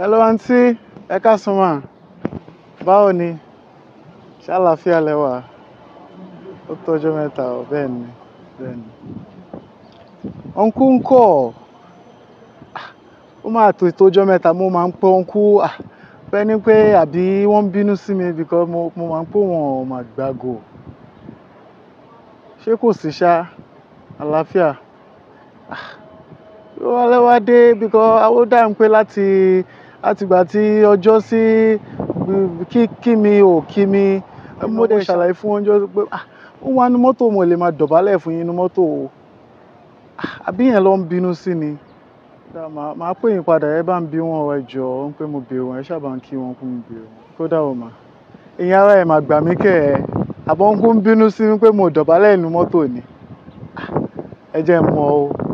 hello àǹtí ẹ káàsán mà báwo ni ṣé àlàáfíà lẹ wà ó tọ́jọ́ mẹ́ta ọ bẹ́ẹ̀ ni bẹ́ẹ̀ ni ọ̀nkú ń kọ́ ah, ó máa tó ìtọ́jọ́ mẹ́ta mo máa ń pẹ́ ọ̀nkú bẹ́ẹ̀ ni pé àbí wọ́n bínú sí mi because mo mo máa ń pò wọ́n ọmọ àgbàgò ṣé kò sí ṣá àlàáfíà ah, wọ́n lẹ́wọ́ dé because ó dáhùn pé láti. Àtìgbà tí ọjọ́ sí kí kí mi ò kí mi, mo dẹ̀ ṣàlàyé fún wọn jọ́ pé, "à, ah, ó wá nu mọ́tò mo lè máa dọ̀bálẹ̀ fún yín nínú mọ́tò o." Ah, àbí ìyẹn ló ń bínú sí ni? Màá pè yín padà, ẹ bá ń bi wọ́n o ẹ jọ̀ọ́ pé mo bèrè wọ́n, ẹ ṣá bá ń kí wọn pé mo bèrè Kódà o ma, ẹ̀yin ará ẹ máa gbà mí kẹ́ ẹ. Àbi uncle ń bínú sí mi pé mo dọ̀bálẹ̀ nínú mọ́tò ni. Ah, ẹ jẹ́ n o.